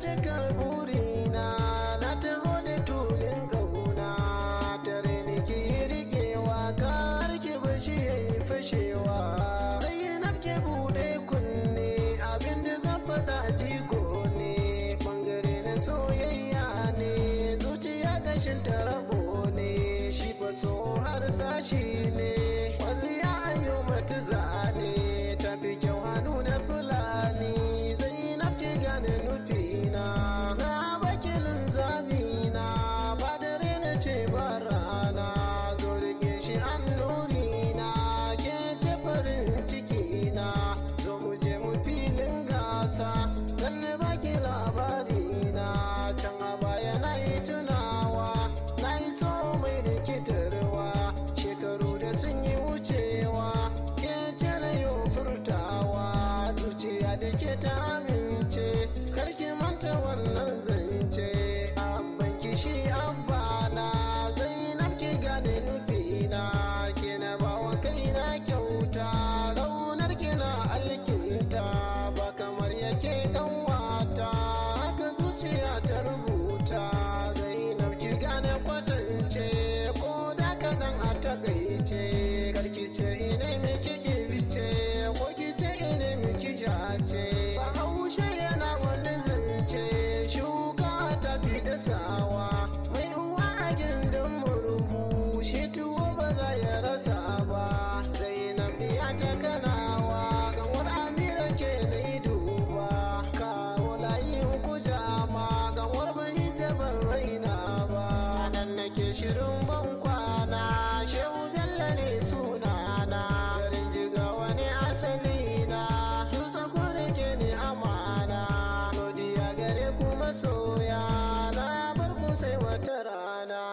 cikar burina na taho da tulin ƙauna tare ni ki riƙewa kar ki bashi ya yi fashewa zainab ke buɗe kunne abinda zan faɗa jiko ne ɓangare na soyayya ne zuciya gashinta nisa dan baki labari na can a baya na yi tunawa na yi so mai rikitarwa shekaru da sun yi wucewa ke cire yau furtawa zuciya da ke ta ce bahaushe yana wani zance shuka ta fi da sawa mai wajin da murhu shi tuwo ba za ya rasa ba sai na biya ta kanawa gamar amira ke na yi duba kawo layin kujama gamar ban hijabar raina ba nan nake shirin bankwa da rana